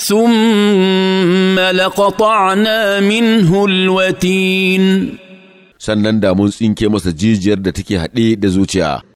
ثم لقطعنا منه الوتين sannan da mun tsinke masa jijiyar da take haɗe da zuciya